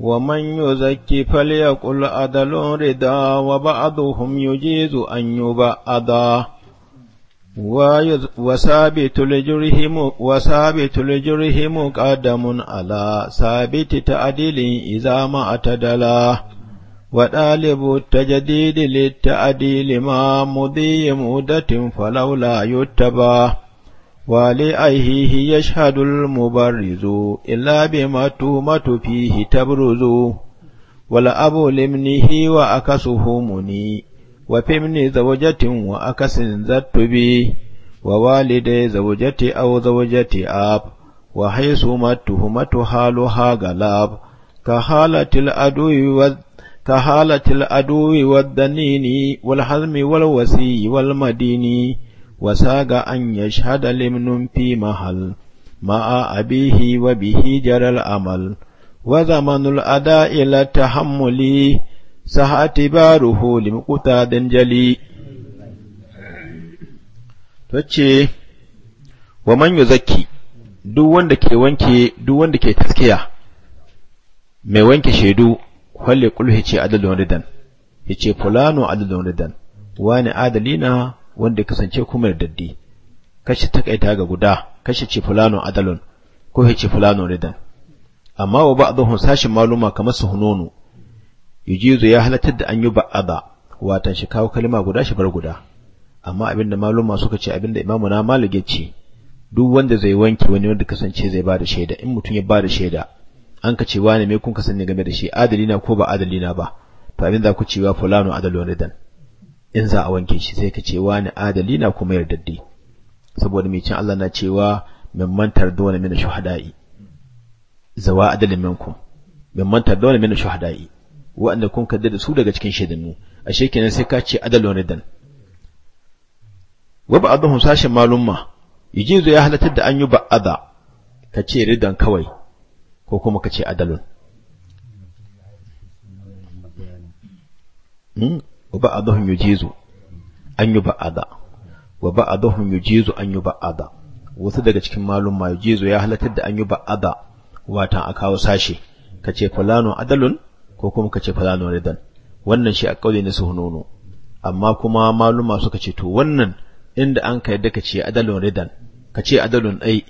ومن يزكي فليقل أدل ردا وبعضهم يجيز أن يبعدا وثابت لجرهم وثابت لجرهم قدم على ثابت تعديل إذا ما اعتدلا وطالب التجديد للتعديل ما مضي مدة فلولا يتبع ولأيه يشهد المبرز إلا بما التهمة فيه تبرز والأب لابنه وأكسه مني وفي ابن زوجة وأكس ذات بي ووالد زوجة أو زوجة أب وحيث ما التهمة حالها غلاب كحالة الأدو كحالة الأدو والدنين والحزم والوسي والمديني وساق أن يشهد لمن في محل مع أبيه وبه جرى الأمل وزمن الأداء لا تحمل اعتباره لمقتاد جلي tace ومن يزكي duk wanda ke wanke duk wanda ke taskiya mai wanke shaidu kwalle kulhu ce dan, ya ce fulano adalun dan, wani adalina wanda kasance kuma daddi kashi takaita ga guda kashi ce fulano adalon ko ya ce fulano ridan amma wa ba'dhum sashin maluma kamar su hununu yujizu ya halatar da an yi ba'ada watan shi kawo kalma guda shi bar guda amma abinda maluma suka ce abinda imamu na malige ce duk wanda zai wanke wani wanda kasance zai bada shaida in mutum ya bada shaida an ka ce wani me kun kasance game da shi adalina ko ba adalina ba to abin za ku cewa fulano adalon ridan in za a wanke shi sai ka ce wani adali na kuma dai, saboda mai cin Allah na cewa min mantar dole mina shuhada'i zawa adalin minkum min mantar dole mina shuhada'i wa'anda kun kadda da su daga cikin shaidanmu, a kenan sai ka ce adalon ridan wa ba'dhum sashin malumma yajizu ya halatar da an yi ba'ada ka ce ridan kawai ko kuma ka ce adalon. Hmm? wa يجيز أن يبعض وبعضهم يجيز wa يبعض yujizu an yi ba'ada wasu daga cikin تد أن يبعض ya أكاو da an yi عدل watan a kawo sashi kace adalun ko kuma kace ridan wannan shi a kauli ne suhunono amma kuma maluma suka ce to wannan inda an ka yadda kace adalun ridan kace adalun ai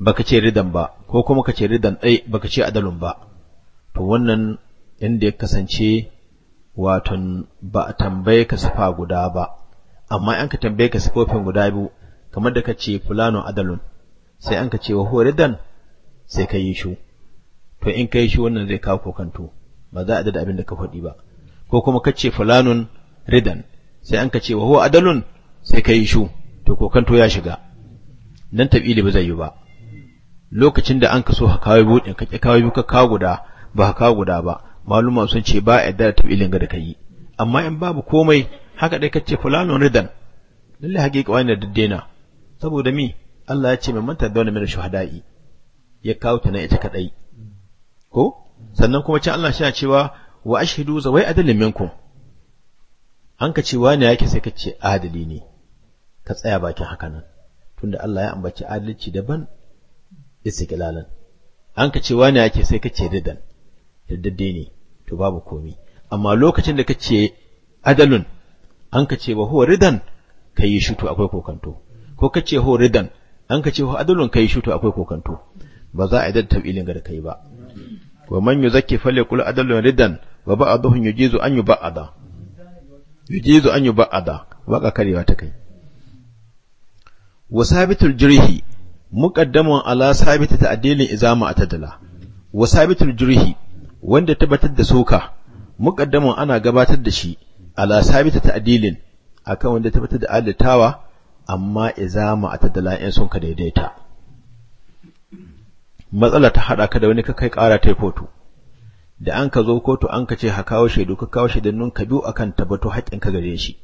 baka ce ridan ba ko kuma kace ridan ai baka ce adalun ba to wannan inda ya kasance waton ba a tambaye ka sufa guda ba amma an ka tambaye ka sufofin guda biyu kamar da ka ce fulano adalun sai an ka ce wa horidan sai ka yi shu to in ka yi shu wannan zai kawo kokanto ba za a da abin da ka faɗi ba ko kuma ka ce fulanun ridan sai an ka ce wa huwa adalun sai ka yi shu to kokanto ya shiga nan tabili ba zai yi ba lokacin da an ka so ka kawo biyu ka kawo biyu ka kawo guda ba ka kawo guda ba maluma sun ce ba a yarda da tabilin ga da kai amma in babu komai haka dai kace fulano ridan lalle haƙiƙa wani da daddena saboda mi Allah ya ce mai manta da wani mai shuhada'i ya kawo ta na ita kadai ko sannan kuma can Allah shi cewa wa za wai adalin minkum an ka ce wani yake sai ka ce adali ne ka tsaya bakin haka nan tunda Allah ya ambaci adalci daban istiqlalan an ka ce wani yake sai ka ce ridan daddade ne to babu komi amma lokacin da kace adalun an kace wa huwa ridan kai shutu akwai kokanto ko kace huwa ridan an kace huwa adalun kai shutu akwai kokanto ba za a yi tabilin ka kai ba wa man yuzakki falyakul adalun ridan wa ba'dahu yujizu an yuba'ada yujizu an yuba'ada waka karewa ta kai wa sabitul jirhi muqaddamun ala sabitati adilin izama atadala wa sabitul jirhi wanda tabbatar da soka muqaddamun ana gabatar da shi ala sabita ta'dilin akan wanda tabbatar da alitawa amma izama a in sun ka daidaita matsala ta hada ka da wani ka kai kara ta foto da an ka zo kotu an ka ce ha kawo shaidu ka kawo shaidannun ka biyu akan tabbato haƙƙin ka gare shi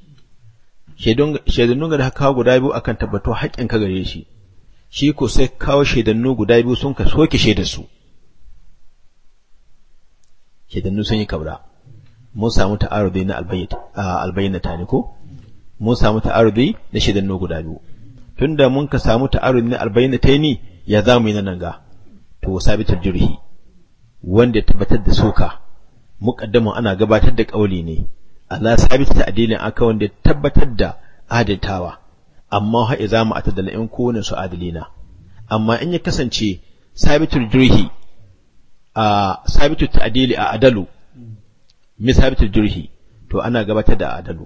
shaidannun ga da kawo guda biyu akan tabbato haƙƙin ka gare shi shi ko sai kawo shaidannu guda biyu sun ka soke shaidar su shedannu sun yi kabra mun samu ta'arudi na ta ne ko mun samu ta'arudi na shedannu guda biyu tunda mun ka samu ta'arudi na albayyana ta ni ya za mu yi nan ga to sabitar jirhi wanda ya tabbatar da soka muqaddamin ana gabatar da kauli ne Allah sabita ta'dilin aka wanda ya tabbatar da adaltawa amma ha idza ma atadala in kowane su adilina amma in ya kasance sabitul jirhi a sabitu ta'dili a adalu min sabitu jurhi to ana gabatar da adalu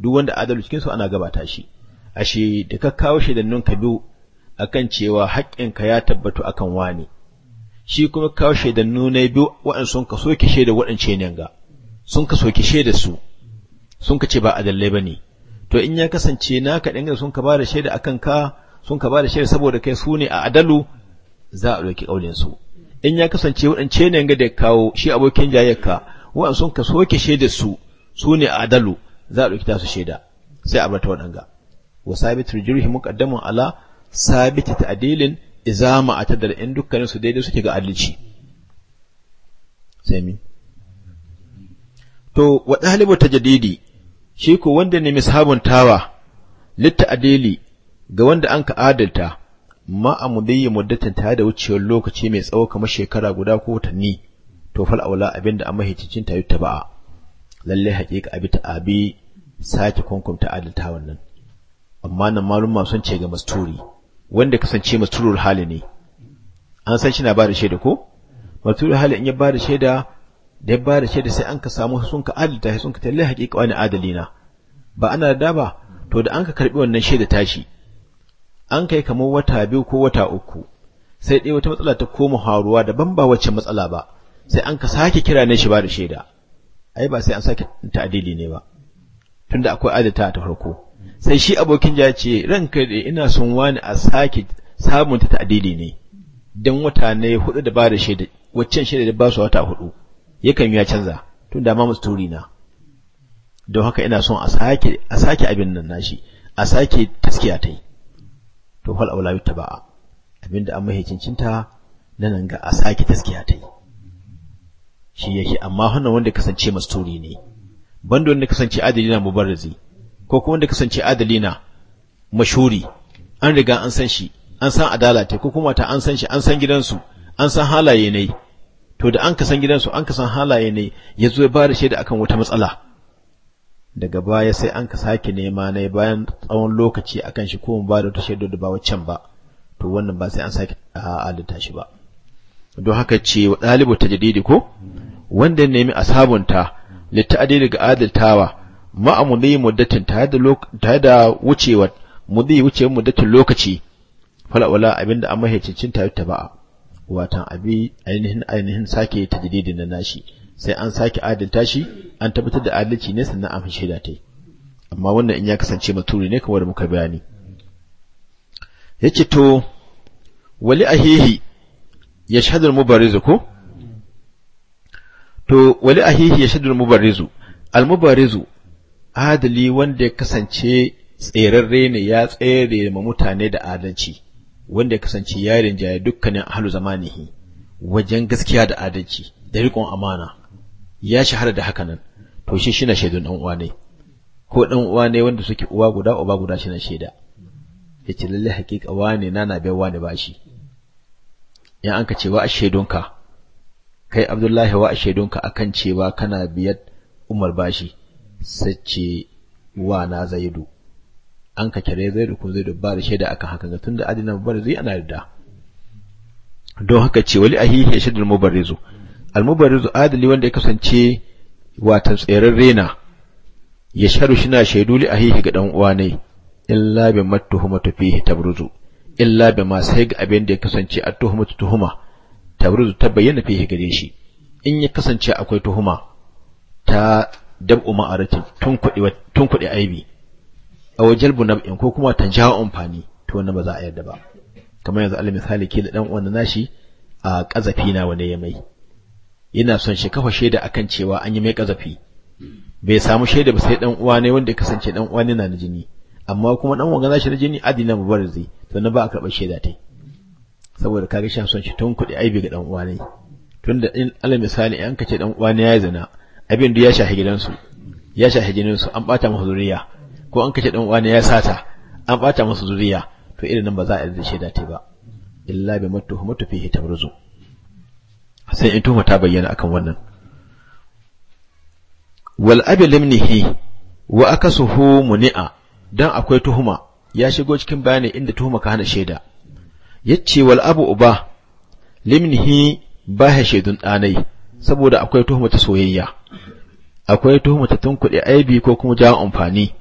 duk wanda adalu cikin su ana gabata shi ashe da ka kawo shaidannin ka biyu akan cewa haƙƙinka ya tabbatu akan wani shi kuma kawo shaidannu na biyu waɗanda sun ka soke da waɗance ne ga sun ka soke shaida su sun ka ce ba adallai ba ne to in ya kasance naka ɗin sun ka ba da shaida akan ka sun ka ba da shaida saboda kai su ne a adalu za a ɗauki ƙaunin su in ya kasance waɗance ne ga da kawo shi abokin jayyarka waɗansu sun ka soke shaida su su ne a adalu za a ɗauki tasu shaida sai a bata waɗanga wa sabit rijirhi muqaddamun ala sabit ta'dilin izama a tadar in dukkanin su daidai suke ga adalci sai mi to wa ɗalibu tajdidi shi ko wanda ne mishabuntawa tawa litta adili ga wanda an ka adalta ma a mudayyi muddatin tare da wucewar lokaci mai tsawo kamar shekara guda ko watanni to fal aula abinda amma hicicin ta yutta ba'a lalle haƙiƙa abi ta abi sake kunkumta adalta wannan amma nan malum sun ce ga masturi wanda kasance masturul hali ne an san shi na ba da shaida ko masturul hali in ya ba da shaida da ya ba da shaida sai an ka samu sun ka adalta sun ka talle haƙiƙa wani adalina ba ana da ba to da an ka karbi wannan shaida tashi an kai kamar wata biyu ko wata uku sai dai wata matsala ta koma haruwa daban ba wacce matsala ba sai an ka sake kira ne shi ba da shaida ai ba sai an sake ta'adili ne ba tunda akwai adata ta farko sai shi abokin ja ce ranka da ina son wani a sake samun ta ta'adili ne dan wata ne hudu da ba da shaida waccan shaida da ba su wata hudu yakan ya canza tunda ma musturi na don haka ina son a sake a sake abin nan nashi a sake taskiya ta yi to hal aula ba'a, abinda an mahaicincinta cincinta nan ga a sake taskiya ta yi shi yake amma wannan wanda kasance masturi ne banda wanda kasance adali na mubarrazi ko kuma wanda kasance adali na mashuri an riga an san shi an san adala ta ko kuma ta an san shi an san gidansu an san halaye ne to da an ka san gidansu an ka san halaye ne ya ya ba da shaida akan wata matsala daga baya sai an ka sake nema na bayan tsawon lokaci akan shi ko mu ba da wata shaidar da ba waccan ba to wannan ba sai an sake alinta shi ba don haka ce wa ta jadidi ko wanda nemi a sabunta litta'adi daga adaltawa ma'amuli muddatin tare da wucewa mudi wuce muddatin lokaci falawala abinda an mahaicin ta ba'a watan abi ainihin ainihin sake ta jadidi na nashi sai an sake adalta shi an tabbatar da adalci ne sannan an da ta amma wannan in ya kasance maturi ne kamar muka bayani yace to wali ahihi yashhadu al-mubarizu ko to wali ahihi yashhadu al-mubarizu al-mubarizu adali wanda ya kasance tserarre ne ya tsere ma mutane da adalci wanda ya kasance ya rinjaye dukkanin ahlu zamanihi wajen gaskiya da adalci da riƙon amana ya shahara da haka nan to shi shi na shaidun ɗan uwa ne ko ɗan uwa ne wanda suke uwa guda uba guda shi na shaida ya ce lalle haƙiƙa wane na na bai wane ba shi in an ka ce wa a shaidunka kai abdullahi wa a shaidunka akan cewa kana biyar umar bashi sai ce wa na zaidu an ka kire zaidu ko zaidu ba da shaida akan haka tunda adina mubarrizu ana yarda don haka ce wali ahihi shaidul mubarizu almubarizu adali wanda ya kasance watan tseren rena ya sharu shina shaidu li ahihi ga dan uwa ne illa bi matuhumatu fihi tabruzu illa bi ma sai ga abin da ya kasance a tuhumatu tuhuma tabruzu ta bayyana fihi gare shi in ya kasance akwai tuhuma ta dab'u ma'arati tun kuɗi tun kuɗi aibi a wajen bunab'in ko kuma ta jawo amfani to wannan ba za a yarda ba kamar yanzu alal misali ke da dan uwan nashi a kazafi na wanda ya mai yana son shi kafa shaida akan cewa an yi mai kazafi bai samu shaida ba sai dan uwa ne wanda ya kasance dan uwa ne na jini amma kuma dan wanga shi na jini adina mubarzi to na ba a karba shaida tai saboda kage shi son shi tun kuɗi aibi ga dan uwa ne tunda in alal misali an kace dan uwa ne ya zina abin da ya shahi gidansu ya shahi jininsu an bata masa zuriya ko an kace dan uwa ne ya sata an bata masa zuriya to irin nan ba za a yi shaida tai ba illa bi matuhumatu fihi tabruzu sai in tuhuma ta bayyana akan wannan wal abilimnihi limnihi wa akasuhu muni'a dan akwai tuhuma ya shigo cikin bayani inda tuhuma ka hana shaida yace wal abu uba limnihi ba ya shaidun danai saboda akwai tuhuma ta soyayya akwai tuhuma ta tunkuɗe aibi ko kuma jawo amfani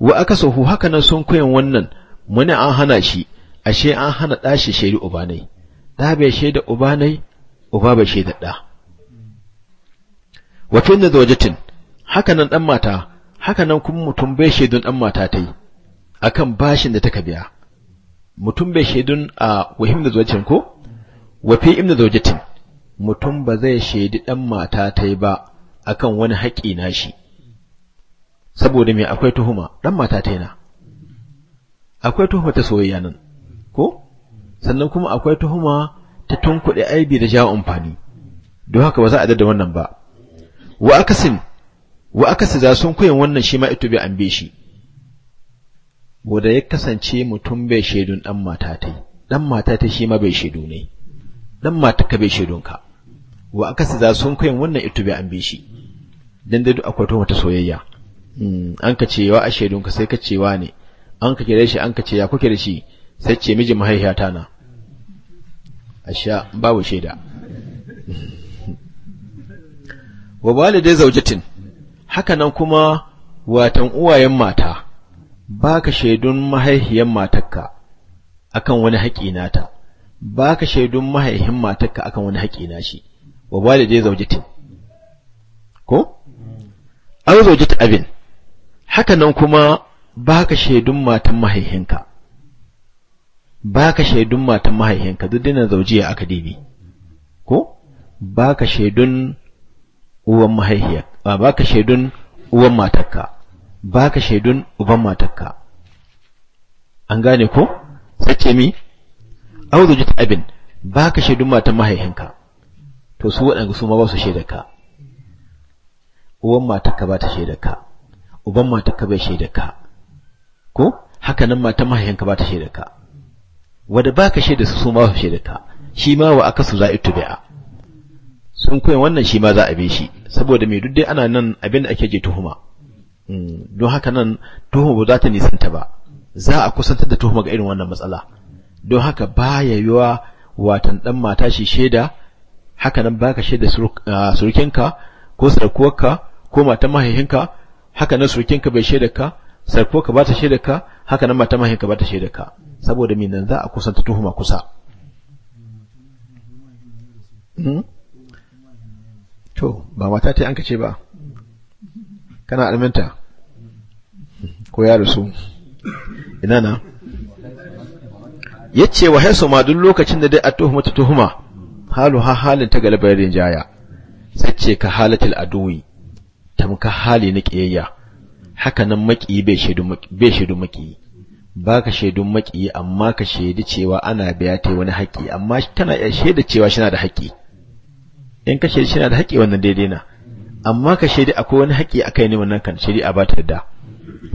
wa akasuhu haka nan sun koyan wannan muni an hana shi ashe an hana ɗashi shaidu ubanai da bai shaida ubanai uba bai da ɗa wato inda tun haka nan ɗan mata haka nan kuma mutum bai shaidun ɗan mata ta yi a kan bashin da ta biya mutum bai shaidun a wahim da tun ko wafi imna tun mutum ba zai shaidi ɗan mata ta yi ba a kan wani haƙƙi na shi saboda me akwai tuhuma ɗan mata ta yi na akwai tuhuma ta soyayya nan ko sannan kuma akwai tuhuma ta tunkuɗe aibi da jawo amfani don haka ba za a da wannan ba wa akasin wa akasi za sun koyan wannan shi ma ito bai an shi wanda ya kasance mutum bai shaidun dan mata ta dan mata ta shi ma bai shaidu ne dan mata ka bai shaidun ka wa akasi za sun koyan wannan ito bai an shi dan dai duk akwai to mata soyayya hmm, an ka cewa a shaidun ka sai ka cewa ne an ka kire shi an ka ce ya kuke da shi sai ce miji mahaihiyata na asha babu shaida wa walidai zaujatin haka nan kuma watan uwayen mata baka shaidun mahaihiyan matarka akan wani haƙi nata baka shaidun mahaihin matarka akan wani haƙi nashi wa walidai zaujatin ko an zaujata abin haka nan kuma baka shaidun matan mahaihinka baka shaidun matan mahaifinka duk dinan zaujiya aka dibi ko baka shaidun uwan mahaihiya baka shaidun uwan matarka baka shaidun uban matarka an gane ko sace mi au zaujat abin baka shaidun matan mahaifinka to su waɗanda su ma ba su shaidarka uwan matarka ba ta shaidarka uban matarka bai shaidarka ko haka nan matan mahaifinka ba ta shaidarka wanda baka shaida su suma su shaida ka shi ma wa aka su za'itu a. sun koyan wannan shi ma za a bi shi saboda mai duk dai ana nan abin da ake je tuhuma mm, don haka nan tuhuma ba za ta nisanta ba za a kusantar da tuhuma ga irin wannan matsala don haka ba yi yiwa watan dan mata shi shaida haka nan baka shaida surukinka ko sarkuwarka ko matan mahaihinka haka nan surukinka bai shaida ka sarkuwarka ba ta shaida ka haka nan matan mahaihinka ba ta shaida ka saboda me nan za a kusa ta tuhuma kusa hmm? to ba mata ta yi an kace ba kana alminta ko ya rusu? ina na ce wa haisu ma duk lokacin da dai a tuhuma ta tuhuma halu ha halin ta galibar rinjaya sai ce ka halatil aduwi tamka hali na ƙiyayya, haka nan maƙi bai shaidu maƙi. ba shaidun maki amma ka shaidi cewa ana biya ta wani haƙƙi amma tana iya shaida cewa shi na da haƙƙi in ka shaidi shi na da haƙƙi wannan daidai na amma ka shaidi akwai wani haƙƙi a kai ne wannan kan shari'a ba ta da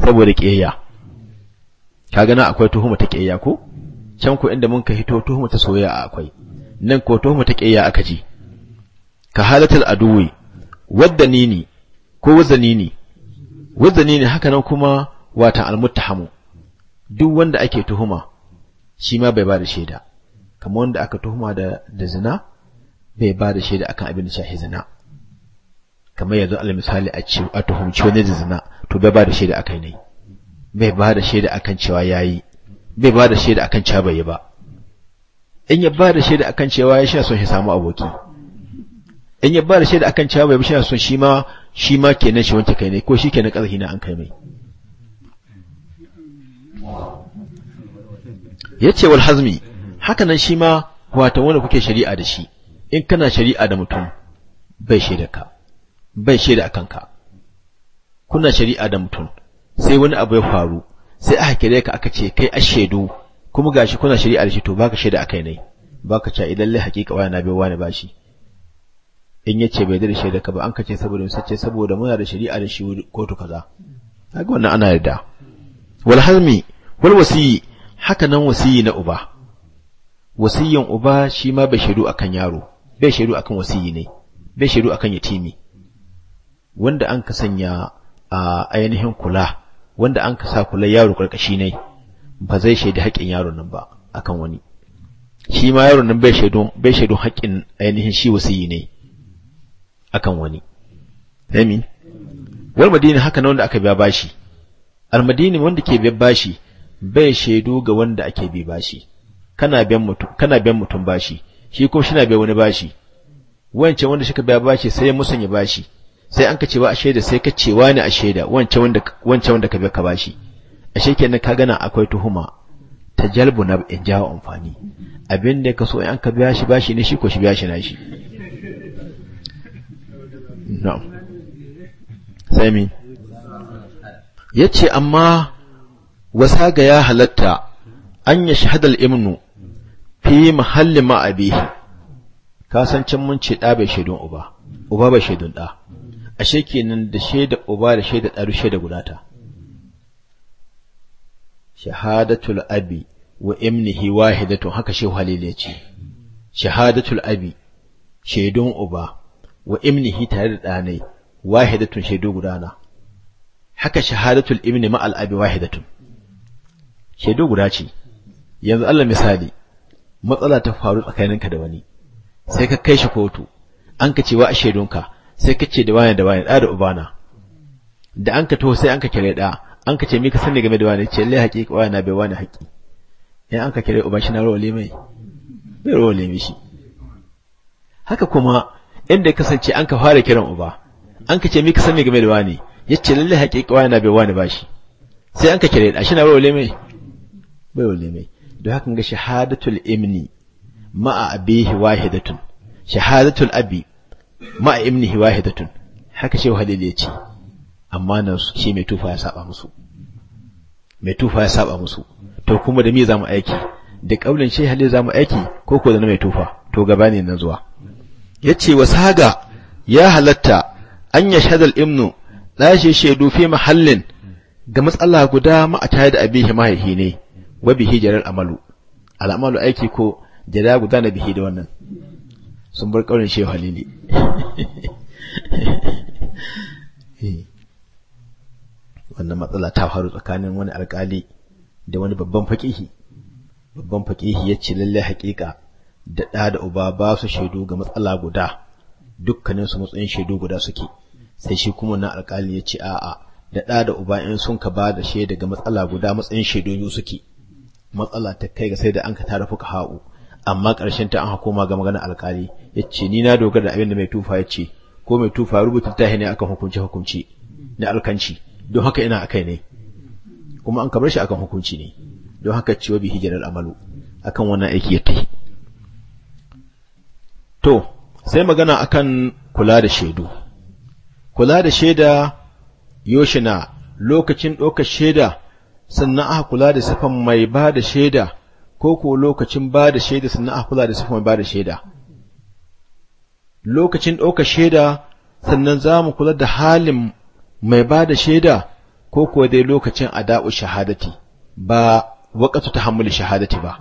saboda ƙiyayya ka gana akwai tuhuma ta ƙiyayya ko can ko inda mun ka hito tuhuma ta soyayya akwai nan ko tuhuma ta ƙiyayya aka ji ka halatul aduwi wadda nini ko wazanini ne haka nan kuma watan almuttahamu duk wanda ake tuhuma shi ma bai ba da shaida kamar wanda aka tuhuma da da zina bai ba da shaida akan abin da shahi zina kamar yanzu alal misali a ce a tuhumci wani da zina to bai ba da shaida akai ne bai ba da shaida akan cewa yayi bai ba da shaida akan cewa bai yi ba in ya ba da shaida akan cewa ya sha son shi samu aboki in ya ba da shaida akan cewa bai sha son shi ma shi ma kenan shi wanke kai ne ko shi kenan kazahi na an kai mai yace wal hazmi hakanan nan shi ma wato wanda kuke shari'a da shi in kana shari'a da mutum bai shaida ka bai shaida a ka kuna shari'a da mutum sai wani abu ya faru sai aka kire ka aka ce kai ashedu kuma gashi kuna shari'a da shi to baka shaida akai ne baka cewa idan lai hakika wani na bai wani bashi in yace bai da shaida ka ba an kace saboda mun sace saboda muna da shari'a da shi kotu kaza kaga wannan ana yarda wal hazmi wal wasiyi haka nan wasiyi na uba wasiyyan uba shi ma bai shaidu akan yaro bai shaidu akan wasiyi ne bai shaidu akan yatimi wanda an ka sanya a ainihin kula wanda an ka sa kula yaro karkashi ne ba zai shaidi haƙƙin yaron nan ba akan wani shi ma yaron nan bai shaidu bai shaidu haƙƙin ainihin shi wasiyi ne akan wani Fahimi? Wal madina haka na wanda aka biya bashi. Al madina wanda ke biya bashi bai shaidu ga wanda ake bi bashi kana biyan mutum kana biyan mutum bashi shi kuma shi na biya wani bashi wancan wanda shika biya bashi sai ya musanya bashi sai an ka ce ba a shaida sai ka ce wani a shaida wancan wanda wancan wanda ka biya ka bashi ashe kenan ka gana akwai tuhuma ta jalbu na in jawo amfani abin da ka so in an ka biya shi bashi ne shi ko shi biya shi na shi na'am sai mi yace amma wasa ga ya halatta an ya shahadal imnu fi mahallin ma'abi kasancin mun ce ɗa bai shaidun uba uba bai shaidun ɗa ashe kenan da shaida uba da shaida ɗa shaida gudata shahadatul abi wa imnihi wahidatun haka shehu halil ya ce shahadatul abi shaidun uba wa imnihi tare da ɗanai wahidatun shaidu gudana haka shahadatul imni ma'al abi wahidatun shaidu guda ce yanzu Allah misali matsala ta faru tsakaninka da wani sai ka kai shi kotu an ka cewa a shaidunka sai ka ce da wani da wani da ubana da an ka taho sai an ka kire da an ka ce mi ka sani game da wani ce lai haƙiƙa wani na bai wani haƙi in an ka kire uban shi na rawale mai bai limai shi. haka kuma inda ya kasance an ka fara kiran uba an ka ce mi ka sani game da wani yace lalle haƙiƙa wani na bai wani bashi sai an ka kire da shi na rawale mai bai mai don haka ga shahadatul imni ma'a abihi wahidatun shahadatul abi ma'a imnihi wahidatun haka shehu halil ya ce amma nan shi mai tufa ya saba musu mai tufa ya saba musu to kuma da me zamu aiki da kaulin shehu halil zamu aiki ko ko da mai tufa to gaba ne nan zuwa yace wasaga ya halatta an yashhadal imnu la shi shaidu fi mahallin ga matsala guda ma a tare da abihi mahaihi ne wa bihi jaral amalu al'amalu aiki ko jada na bihi da wannan sun bar kaurin shehu halili wannan matsala ta faru tsakanin wani alkali da wani babban fakihi babban fakihi ya ce lallai haƙiƙa da ɗa da uba ba su shaidu ga matsala guda dukkanin su matsayin shaidu guda suke sai shi kuma na alkali ya ce a'a da ɗa da uba in sun ka ba da shaida ga matsala guda matsayin shaidu biyu suke matsala ta kai ga sai da an ka tara fuka ha'u amma ƙarshen ta an ma ga magana alƙali ya ce ni na dogara da abin da mai tufa ya ce ko mai tufa rubuta ta ne akan hukunci hukunci na alkanci don haka ina akai ne kuma an kamar shi akan hukunci ne don haka ciwo bi hijirar amalu akan wannan aiki ya to sai magana akan kula da shaidu kula da shaida yoshina lokacin ɗaukar shaida sannan aka kula da sifan mai ba da shaida ko ko lokacin ba da shaida sannan aka kula da sifan mai ba da shaida lokacin ɗaukar shaida sannan za mu kula da halin mai ba da shaida ko ko dai lokacin a da'u shahadati ba waƙatu ta hamuli shahadati ba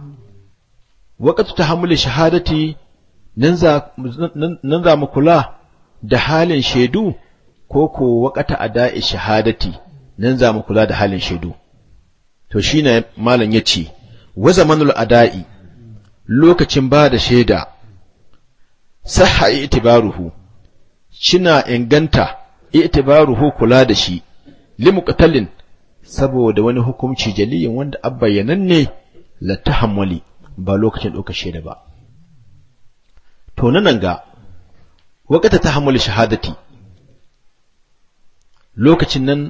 waƙatu ta hamuli shahadati nan za mu kula da halin shaidu ko ko waƙata da'i shahadati nan za mu kula da halin shaidu to shi ne malam ya ce wa zamanul ada'i lokacin ba da shaida sahha itibaruhu shina inganta itibaruhu kula da shi limuqtalin saboda wani hukunci jaliyin wanda abbayanan ne la tahammuli ba lokacin ɗauka shaida ba to nan ga waqata tahammuli shahadati lokacin nan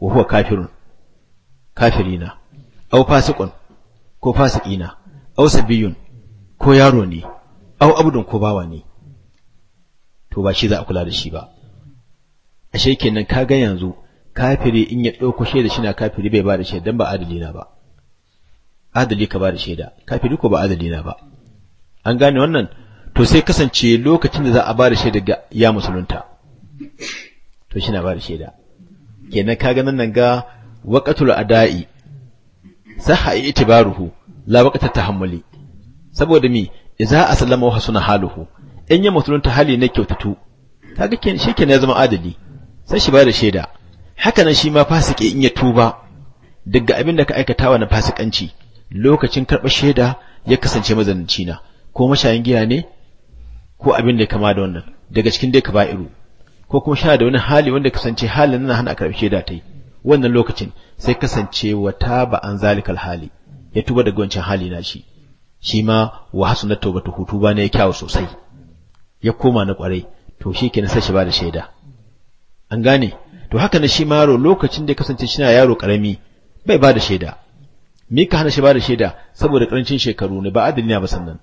wa huwa kafirun kafirina au fasiqun ko fasiqina au sabiyun ko yaro ne au abudun ko bawa ne to ba shi za a kula da shi ba ashe kenan ka ga yanzu kafiri in ya ɗauko shaida shi na kafiri bai ba da shaida don ba adali na ba adali ka ba da shaida kafiri ko ba adali na ba an gane wannan to sai kasance lokacin da za a ba da shaida ga ya musulunta to shi na ba da shaida kenan ka ganin nan ga waqatul ada'i sahha itibaruhu la waqta tahammuli saboda mi idza aslama wa suna haluhu in ya ta hali na kyautatu kaga ken shikenan ya zama adali sai shi bada shaida Hakanan nan shi ma fasike in ya tuba daga abin da ka aikata wa na fasikanci lokacin karɓar shaida ya kasance mazanci na ko mashayin giya ne ko abin da ya kama da wannan daga cikin dai kaba'iru ko kuma sha da wani hali wanda kasance halin nan hana a karɓi shaida ta yi wannan lokacin sai kasancewa ta an zalikal hali ya tuba da gwancin hali na shi shi ma wa taubatu hutu ba ne ya kyawu sosai ya koma na kwarai to shi na sai shi ba da shaida an gane to haka na shi ma yaro lokacin da ya kasance shi na yaro karami bai ba da shaida me ka hana shi ba da shaida saboda karancin shekaru ne ba adali na ba sannan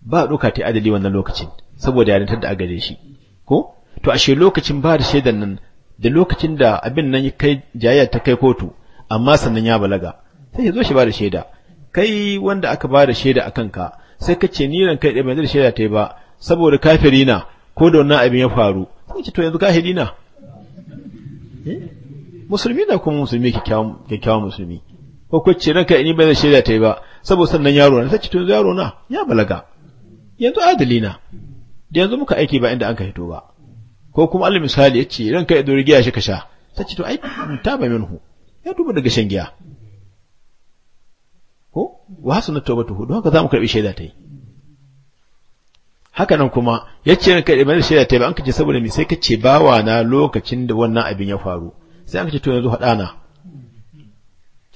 ba doka ta adali wannan lokacin saboda yarintar da gare shi ko to ashe lokacin ba da shaidan nan da lokacin da abin nan kai jayayya ta kai kotu amma sannan ya balaga sai ya zo shi ba da shaida kai wanda aka ba da shaida a kanka sai ka ce ni ran kai ɗaya da shaida ta yi ba saboda kafiri na ko da wannan abin ya faru sai ce to yanzu kafiri na eh? musulmi na kuma musulmi kyakkyawan musulmi ko ku ce ranka ni ban da shaida ta yi ba saboda sannan yaro na sai ce to yanzu yaro na ya balaga yanzu adali na da yanzu muka aiki ba inda an ka hito ba ko kuma alal misali ya ce ranka ya dori giya shi ka sha ta to ai ta ba minhu ya duba daga shan giya ko wa hasana tawbatuhu don haka zamu karbi shaida ta yi haka nan kuma ya ce ranka ya dori shaida ta yi ba an kace saboda me sai kace bawa na lokacin da wannan abin ya faru sai an kace to yanzu hada na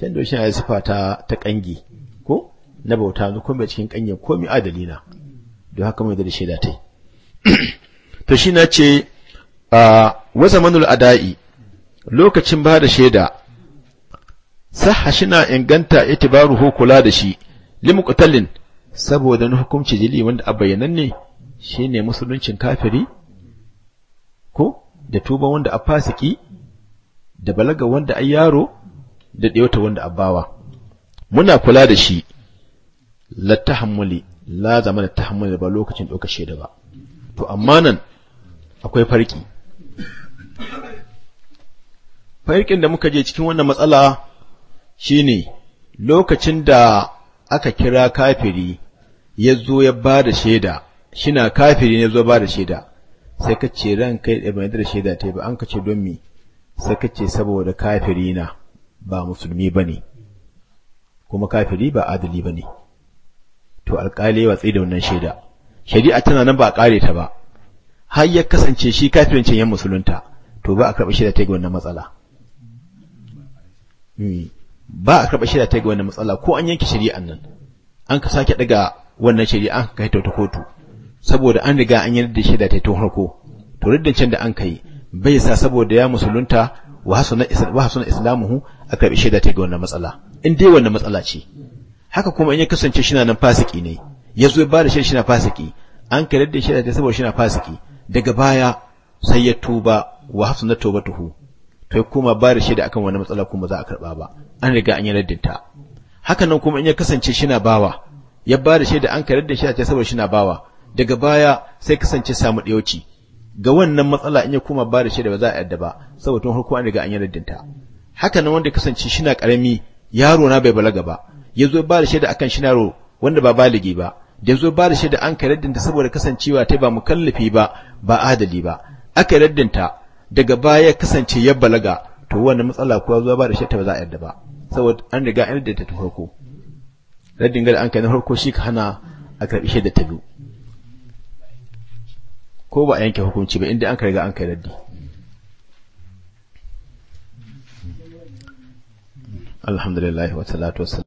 can da shi na sifa ta ta kangi ko na bauta ni kuma cikin kanye ko mi adalina don haka mai da shaida ta yi to shi na ce a wazamanul ada'i lokacin ba da shaida sahha shina inganta itibaruhu kula da shi limuqtalin saboda na hukunci jili wanda a bayyananne shine musuluncin kafiri ko da tuba wanda a fasiki da balaga wanda a yaro da ɗewata wanda a bawa muna kula da shi la tahammuli la zamana tahammuli ba lokacin ɗaukar shaida ba to amma nan akwai farki Fahirkin da muka je cikin wannan matsala shi ne lokacin da aka kira kafiri ya zo ya ba da shaida, shina kafiri ya zo ba da shaida, sai ka ce ran kai da bai da shaida ta ba an ka ce don me, sai ka ce saboda kafiri na ba musulmi ba ne, kuma kafiri ba adali ba ne. To alƙali ya watsi da wannan shaida, shari'a tana nan ba a ƙare ta ba, har ya kasance shi kafirin can yan musulunta. to ba a karɓa shida ta ga wannan matsala hmm. ba a karɓa shida ta ga wannan matsala ko an yanke shari'an nan an ka sake daga wannan shari'a an ka ta kotu saboda an riga an yarda shida ta tun harko to can da an kai bai sa saboda ya musulunta wa hasuna islamuhu a karɓi shaida ta ga wannan matsala in dai wannan matsala ce haka kuma in ya kasance shi nan fasiki ne ya zo ba da shaida shi na fasiki an karar da shaida ta saboda shi na fasiki daga baya sai ya tuba wa hafsun tawbatuhu kai kuma ba da shaida akan wani matsala kuma za a karba ba an riga an yi raddinta haka nan kuma in ya kasance shi na bawa ya ba da shaida an karar da shi a ce saboda shi na bawa daga baya sai kasance samu ɗauci ga wannan matsala in ya koma ba da shaida ba za a yarda ba saboda tun harko an riga an yi raddinta haka nan wanda kasance shi na ƙarami yaro na bai balaga ba ya zo ba da shaida akan shi ro wanda ba baligi ba da zo ba da shaida an ka raddinta saboda kasancewa ta ba mukallafi ba ba adali ba aka raddinta daga baya kasance ya balaga to wannan matsala ko zuwa ba da shi ba za a yarda ba saboda an riga an yarda ta farko raddin ga an kai na farko shi ka hana a karbi da ta biyu ko ba a yanke hukunci ba inda an ka an kai raddi alhamdulillah wa salatu